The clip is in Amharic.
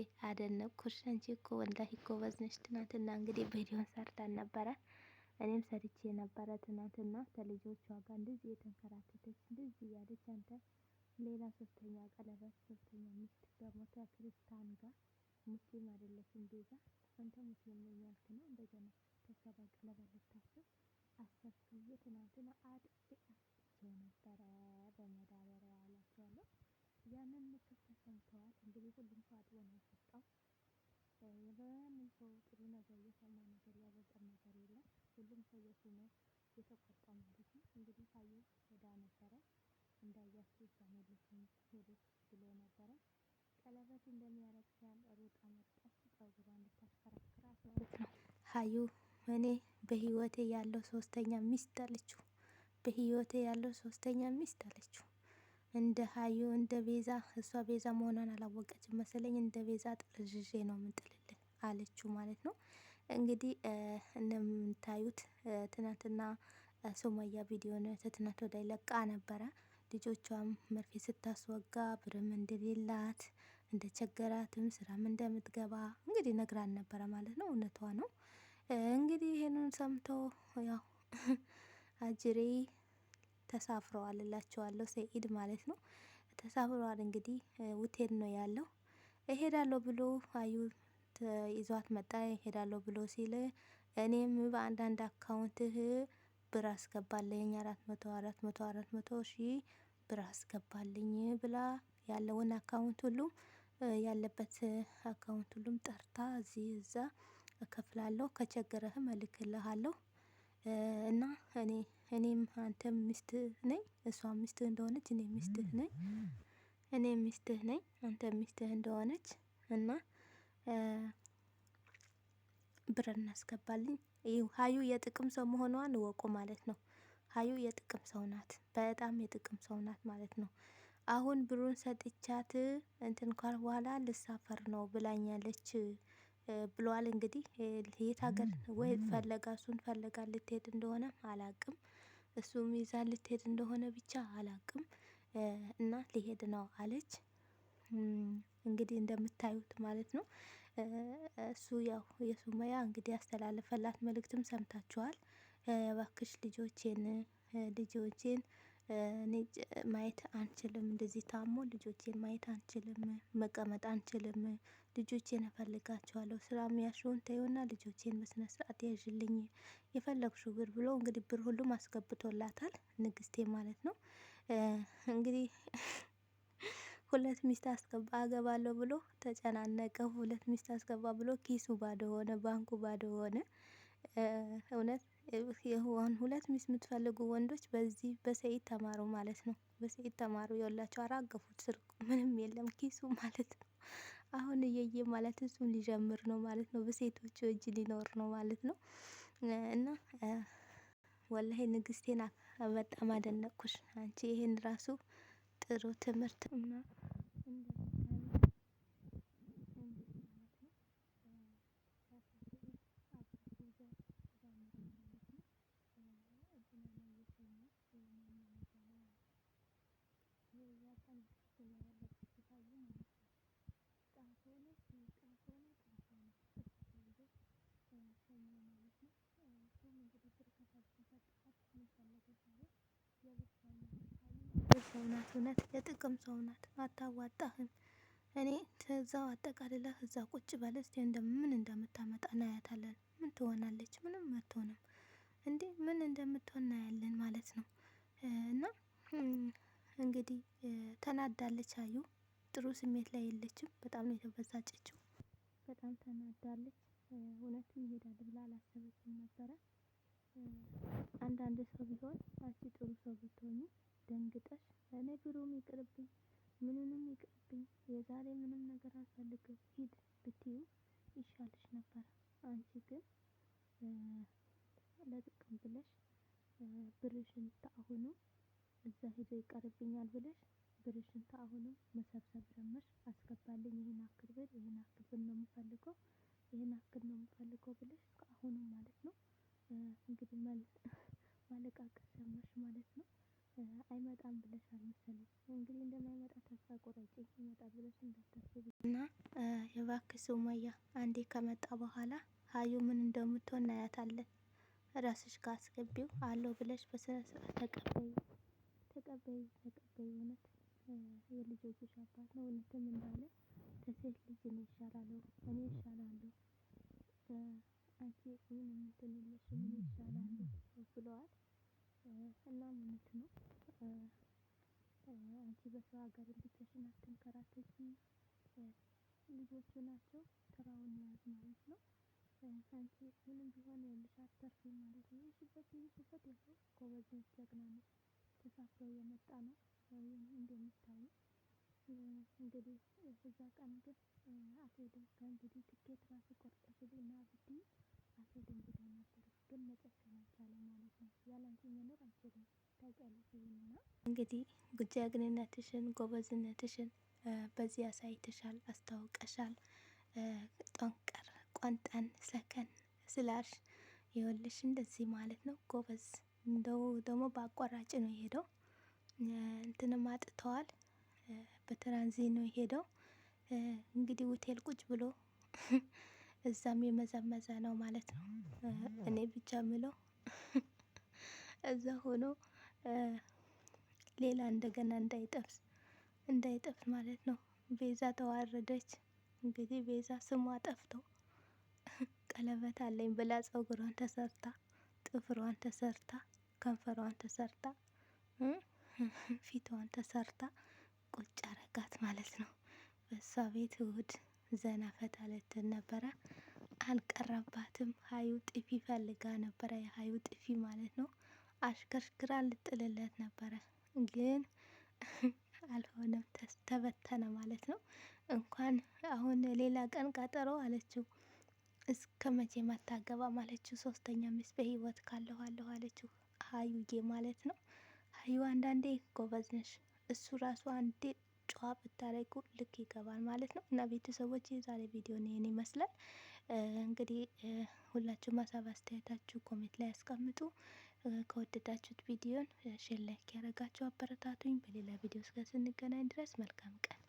እህቴ አደነቅኩሽ። አንቺ እኮ ወላሂ ጎበዝ ነሽ። ትናንትና እንግዲህ ቪዲዮን ሰርተን ነበረ፣ እኔም ሰርቼ ነበረ ትናንትና። ከልጆቿ ጋር እንደዚህ የተንከራተተች እንደዚህ እያለች አንተ ሌላ ሶስተኛ ቀለበት ሶስተኛ ሚስት ደግሞ ከክርስቲያን ጋር ሙስሊም አይደለችም ቤዛ፣ አንተ ሙስሊም ነኝ ነው እንደገና ከሰባ ቀለበት ልታስብ አሰብክ ብዬ ትናንትና አድርጌ ነበረ በመዳበሪያ ያላቸዋለሁ ያንን ምክር እንግዲህ ሁሉም ሰው አድሮ ነው የሰጠው። የማንም ሰው ጥሩ ነገር የሰማ ነገር ያበጠም ነገር የለም። ሁሉም ሰው የሱኑ የተቆጣ ማለት ነው። እንግዲህ ሀዩ ሄዳ ነበረ እንዳያችሁ ተመልሱን ሄደች ብሎ ነበረ። ቀለበት እንደሚያረግ ሲያል ሩጣ መጣች ጸጉሯ እንድታሽከረክራት ማለት ነው። ሀዩ እኔ በህይወቴ ያለው ሶስተኛ ሚስት አለችው። በህይወቴ ያለው ሶስተኛ ሚስት አለችው። እንደ ሀዩ እንደ ቤዛ እሷ ቤዛ መሆኗን አላወቀችም መሰለኝ። እንደ ቤዛ ጥርዥዤ ነው ምንጥልልን አለችው ማለት ነው። እንግዲህ እንደምታዩት ትናንትና ቪዲዮ ነው ትናንት ወዲያ ለቃ ነበረ። ልጆቿም መርፌ ስታስወጋ ብርም እንደሌላት እንደ ቸገራትም ስራም እንደምትገባ እንግዲህ ነግራን ነበረ ማለት ነው። እውነቷ ነው። እንግዲህ ይህንን ሰምቶ ያው አጅሬ ተሳፍረዋል እላቸዋለሁ። ሰኢድ ማለት ነው። ተሳፍረዋል እንግዲህ ውቴድ ነው ያለው። እሄዳለሁ ብሎ አዩ ይዟት መጣ። እሄዳለሁ ብሎ ሲል እኔም በአንዳንድ አካውንትህ ብር አስገባለኝ አራት መቶ አራት መቶ አራት መቶ ሺ ብር አስገባልኝ ብላ ያለውን አካውንት ሁሉ ያለበት አካውንት ሁሉም ጠርታ እዚህ እዛ እከፍላለሁ ከቸገረህም እልክልሃለሁ እና እኔ እኔም አንተ ሚስትህ ነኝ እሷ ሚስትህ እንደሆነች እኔ ሚስትህ ነኝ። እኔ ሚስትህ ነኝ አንተ ሚስትህ እንደሆነች እና ብር እናስገባልኝ ሀዩ የጥቅም ሰው መሆኗን እወቁ ማለት ነው። ሀዩ የጥቅም ሰው ናት በጣም የጥቅም ሰው ናት ማለት ነው። አሁን ብሩን ሰጥቻት እንትን ካል በኋላ ልሳፈር ነው ብላኛለች ብለዋል። እንግዲህ የት ሀገር ወይ ፈለጋ እሱን ፈለጋ ልትሄድ እንደሆነ አላቅም። እሱም ይዛ ልትሄድ እንደሆነ ብቻ አላቅም። እና ሊሄድ ነው አለች። እንግዲህ እንደምታዩት ማለት ነው። እሱ ያው የሱመያ እንግዲህ ያስተላለፈላት መልእክትም ሰምታችኋል። እባክሽ ልጆቼን ልጆቼን ማየት አንችልም፣ እንደዚህ ታሞ ልጆቼን ማየት አንችልም፣ መቀመጥ አንችልም፣ ልጆቼን እፈልጋቸዋለሁ፣ ስራ የሚያሽውን ተይውና ልጆቼን በስነ ስርዓት ያዥልኝ የፈለግሽው ብር ብሎ እንግዲህ ብር ሁሉም አስገብቶላታል ንግስቴ ማለት ነው። እንግዲህ ሁለት ሚስት አስገባ አገባለሁ ብሎ ተጨናነቀ። ሁለት ሚስት አስገባ ብሎ ኪሱ ባዶ ሆነ፣ ባንኩ ባዶ ሆነ። እውነት ሁለት ሚስት የምትፈልጉ ወንዶች በዚህ በሰኢድ ተማሩ ማለት ነው። በሰኢድ ተማሩ የወላቸው አራገፉት ስርቁ ምንም የለም ኪሱ ማለት ነው። አሁን እየየ ማለት እሱም ሊጀምር ነው ማለት ነው። በሴቶቹ እጅ ሊኖር ነው ማለት ነው። እና ወላሂ ንግስቴና በጣም አደነቅኩሽ። አንቺ ይሄን ራሱ ጥሩ ትምህርት ነው። ሰው ናት። እውነት የጥቅም ሰው ናት። አታዋጣህም። እኔ ከዛው አጠቃልለህ እዛ ቁጭ በል እስቲ ምን እንደምታመጣ እናያታለን። ምን ትሆናለች? ምንም አትሆንም። እንዴ ምን እንደምትሆን እናያለን ማለት ነው። እና እንግዲህ ተናዳለች። አዩ ጥሩ ስሜት ላይ የለችም። በጣም ነው የተበሳጨችው። በጣም ተናዳለች። እውነትም ይሄዳል ብላ አላሰበችም ነበረ። አንዳንድ ሰው ቢሆን አንቺ ጥሩ ሰው ብትሆኚ ደንግጠሽ እኔ ብሩም ይቅርብኝ፣ ምንንም ይቅርብኝ፣ የዛሬ ምንም ነገር አልፈልግም ሂድ ብትዩ ይሻልሽ ነበር አንቺ ግን ለጥቅም ብለሽ ብርሽን ተአሁኑ እዛ ሂዶ ይቀርብኛል ብለሽ ብርሽን ተአሁኑ መሰብሰብ ጀመርሽ። አስገባልኝ፣ ይህን አክል ብር፣ ይህን አክል ብር ነው የምፈልገው፣ ይህን አክል ነው የምፈልገው ብለሽ ከአሁኑ ማለት ነው እንግዲህ ማለቃቀስ ጀመርሽ ማለት ነው። አይመጣም ብለሻል መሰለኝ። እንግዲህ እንደማይመጣ ተስፋ ቆረጪ። ይመጣል ብለሽ እንዳታስቢ እና የባክሽ ሱመያ፣ አንዴ ከመጣ በኋላ ሀዩ ምን እንደምትሆን እናያታለን። ራስሽ ካስገቢው አለው ብለሽ በስነ ስርዓት ተቀበዩ፣ ተቀበዩ፣ ተቀበዩ። እውነት የልጆችሽ አባት ነው። እውነትም እንዳለ ከሴት ልጅ እኔ ይሻላለሁ፣ እኔ ይሻላለሁ፣ አንቺ ምን የምትሆን ምን እኔ ብለዋል። እና እውነት ነው። አንቺ በሰው ሀገር ብቻሽን አትንከራተቺ። ልጆቹ ናቸው ስራውን መያዝ ማለት ነው። አንቺ ምንም ቢሆን ያለሽ አትተርፊም ማለት ነው። ሽበት ይህ ሽበት ጎበዝ ጀግና ነች፣ ተሳፍሮ የመጣ ነው እንደሚታየው እንግዲህ እዛ ቀን ግን አትሄድም ከእንግዲህ ትኬት ራሱ ቆርጠሽልኝ ና ብትይ አትሄድም ብሎ ነበር፣ ግን መጨከን አልቻለም። እንግዲህ ጉጂ ግንነትሽን ጎበዝነትሽን በዚህ አሳይተሻል፣ አስታውቀሻል። ጠንቀር ቆንጠን ሰከን ስላሽ ይኸውልሽ እንደዚህ ማለት ነው። ጎበዝ እንደው ደግሞ በአቋራጭ ነው የሄደው። እንትንም አጥተዋል። በትራንዚት ነው የሄደው። እንግዲህ ሆቴል ቁጭ ብሎ እዛም የመዘመዘ ነው ማለት ነው። እኔ ብቻ ምለው እዛ ሆኖ ሌላ እንደገና እንዳይጠፍ እንዳይጠፍ ማለት ነው። ቤዛ ተዋረደች። እንግዲህ ቤዛ ስሟ ጠፍቶ ቀለበት አለኝ ብላ ፀጉሯን ተሰርታ ጥፍሯን ተሰርታ ከንፈሯን ተሰርታ ፊቷን ተሰርታ ቁጭ አረጋት ማለት ነው። በእሷ ቤት እሁድ ዘና ፈታ ልትል ነበረ። አልቀረባትም። ሀዩ ጥፊ ፈልጋ ነበረ። የሀዩ ጥፊ ማለት ነው። አሽከርክራ ልጥልለት ነበረ፣ ግን አልሆነም። ተበተነ ማለት ነው። እንኳን አሁን ሌላ ቀን ቀጠሮ አለችው። እስከ መቼ ማታገባ ማለችው። ሶስተኛ ሚስት በህይወት ካለሁ አለሁ አለችው። ሀዩዬ ማለት ነው። ሀዩ አንዳንዴ ጎበዝ ነሽ። እሱ ራሱ አንዴ ጨዋ ብታደርጉ ልክ ይገባል ማለት ነው። እና ቤተሰቦች የዛሬ ቪዲዮ ይህን ይመስላል። እንግዲህ ሁላችሁም ሀሳብ አስተያየታችሁ ኮሜንት ላይ አስቀምጡ ከወደዳችሁት ቪዲዮን ሼር ላይክ ያደረጋችሁ አበረታቱኝ። በሌላ ቪዲዮ እስከ ስንገናኝ ድረስ መልካም ቀን